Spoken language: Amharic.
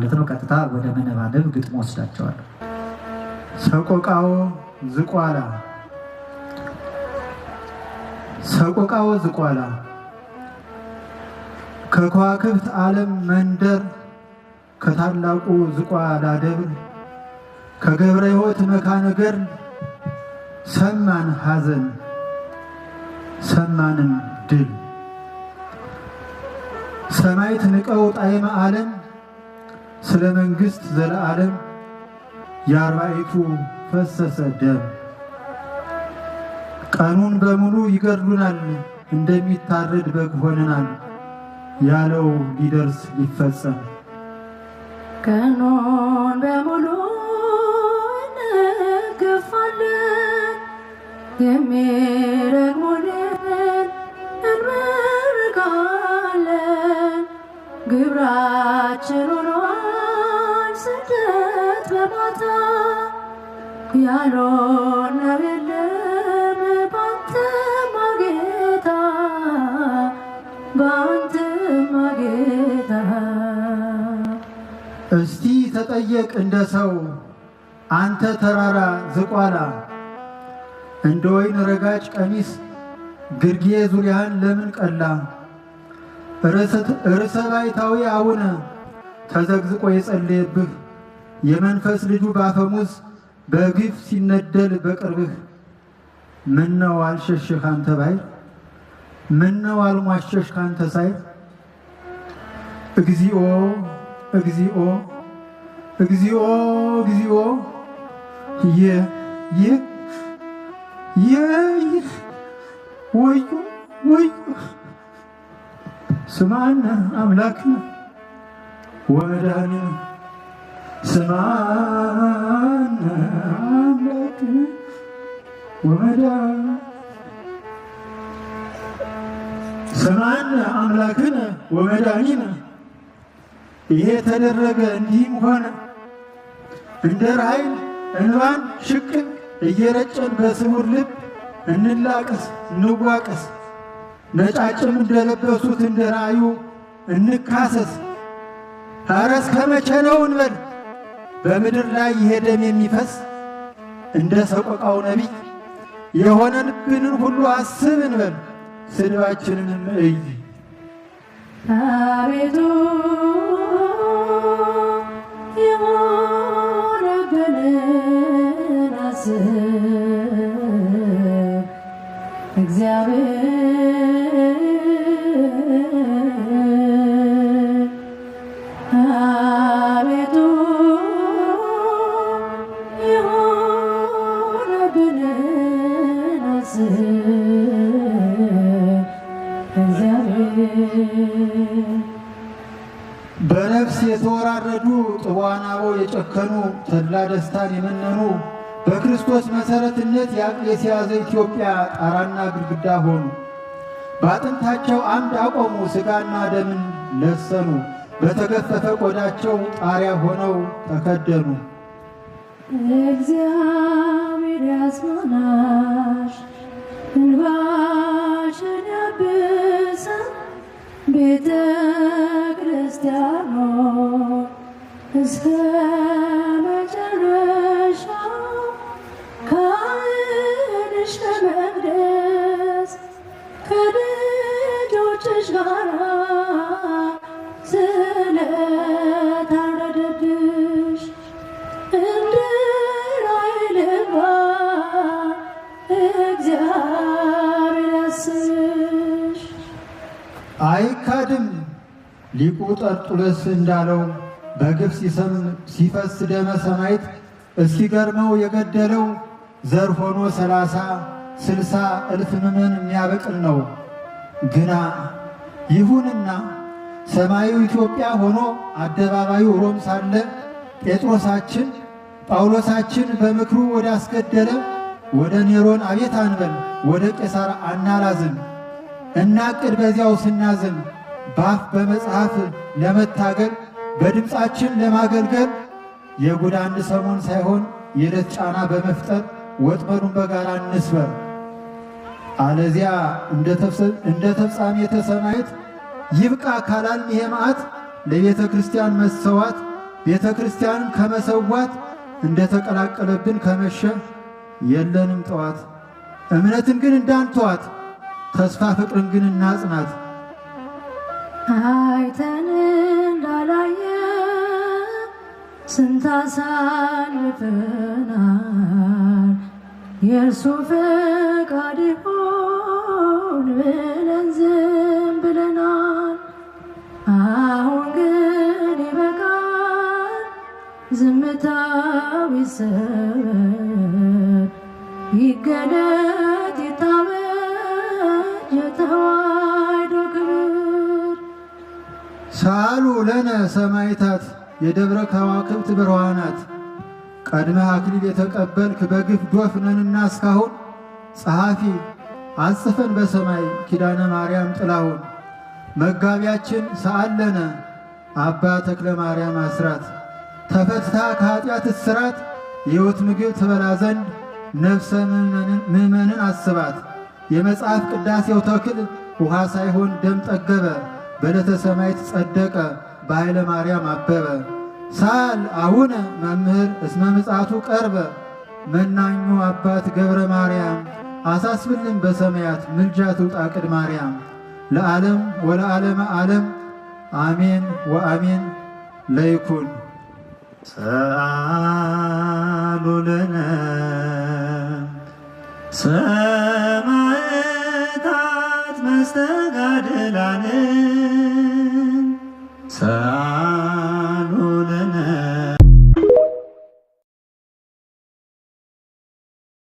ማለት ነው። ቀጥታ ወደ መነባነብ ግጥሞ ወስዳቸዋለሁ። ሰቆቃወ ዝቋላ ሰቆቃወ ዝቋላ ከከዋክብት ዓለም መንደር ከታላቁ ዝቋላ ደብር ከገብረ ሕይወት መካነገር ሰማን ሐዘን ሰማንም ድል ሰማይት ንቀው ጣይመ ዓለም ስለ መንግሥት ዘለዓለም የአርባይቱ ፈሰሰ ደም። ቀኑን በሙሉ ይገድሉናል፣ እንደሚታረድ በግ ሆነናል ያለው ሊደርስ ሊፈጸም ቀኑን በሙሉ እንገፋለን የሚረግሙንን እንመርቃለን ግብራችን እርዳታ ያልሆነው እስቲ ተጠየቅ እንደ ሰው አንተ ተራራ ዝቋላ እንደ ወይን ረጋጭ ቀሚስ ግርጌ ዙሪያን ለምን ቀላ? ርዕሰ ባይታዊ አቡነ ተዘግዝቆ የጸለየብህ የመንፈስ ልጁ በአፈሙዝ በግፍ ሲነደል በቅርብህ ምነው አልሸሽህ ካንተ ባይር ምነው አልሟሸሽ ካንተ ሳይር እግዚኦ እግዚኦ እግዚኦ እግዚኦ ይህ ወዩ ወዩ ስማነ አምላክነ ወመድኃኒነ ስማን አምላክ ወመዳን ስማን አምላክን ወመዳኒን ይሄ ተደረገ እንዲህም ሆነ እንደ ራእይን እንባን ሽቅን እየረጨን በስውር ልብ እንላቀስ እንዋቀስ ነጫጭም እንደለበሱት እንደ ራእዩ እንካሰስ ኧረ እስከ መቼ ነው እንበል በምድር ላይ ይሄ ደም የሚፈስ እንደ ሰቆቃው ነቢይ የሆነ ልብንን ሁሉ አስብ እንበል፣ ስድባችንንም እይ። አቤቱ የሆነብንን አስብ እግዚአብሔር በነፍስ የተወራረዱ ጥዋናቦ የጨከኑ ተድላ ደስታን የመነኑ በክርስቶስ መሠረትነት የያዘ ኢትዮጵያ ጣራና ግድግዳ ሆኑ። በአጥንታቸው አምድ አቆሙ፣ ሥጋና ደምን ለሰኑ። በተገፈፈ ቆዳቸው ጣሪያ ሆነው ተከደኑ። እግዚአብሔር ያጽናናሽ፣ እንባሽን ያብሰ ቤተ አይካድም ሊቁ ጠርጡለስ እንዳለው በግፍ ሲፈስ ደመ ሰማይት እስኪገርመው የገደለው ዘር ሆኖ ሰላሳ ስልሳ እልፍ ምምን የሚያበቅል ነው ግና ይሁንና ሰማዩ ኢትዮጵያ ሆኖ አደባባዩ ሮም ሳለ ጴጥሮሳችን ጳውሎሳችን በምክሩ ወደ አስገደለ ወደ ኔሮን አቤት አንበል፣ ወደ ቄሳር አናላዝን። እናቅድ በዚያው ስናዝን ባፍ በመጽሐፍ ለመታገል በድምፃችን ለማገልገል የጉድ አንድ ሰሞን ሳይሆን የዕለት ጫና በመፍጠር ወጥመዱን በጋራ እንስበር። አለዚያ እንደ ተፍጻሜተ ሰማዕት ይብቃ ካላል ይሄ መዓት ለቤተ ክርስቲያን መሰዋት ቤተ ክርስቲያንም ከመሰዋት እንደተቀላቀለብን ከመሸ የለንም ጠዋት። እምነትን ግን እንዳንተዋት፣ ተስፋ ፍቅርን ግን እናጽናት። አይተን እንዳላየ ስንት አሳልፈናል የእርሱ ፈቃድ ይሆን ብለን ዝም ብለናል። አሁን ግን ይበቃል ዝምታው ይሰበር ይገደል ሳሉ ለነ ሰማይታት የደብረ ከዋክብት ብርሃናት ቀድመ አክሊል የተቀበልክ በግፍ ዶፍ ነንና እስካሁን ጸሐፊ አጽፈን በሰማይ ኪዳነ ማርያም ጥላሁን መጋቢያችን ሰአለነ አባ ተክለ ማርያም አስራት ተፈትታ ከኃጢአት እስራት የሕይወት ምግብ ትበላ ዘንድ ነፍሰ ምእመንን አስባት የመጽሐፍ ቅዳሴው ተክል ውሃ ሳይሆን ደም ጠገበ በለተ ሰማይ ጸደቀ በኃይለ ማርያም አበበ ሳል አቡነ መምህር እስመ ምጽአቱ ቀርበ መናኙ አባት ገብረ ማርያም አሳስብልን በሰማያት ምልጃ ትውጣ ቅድ ማርያም ለዓለም ወለዓለመ ዓለም አሜን ወአሜን ለይኩን ሰአሉለነ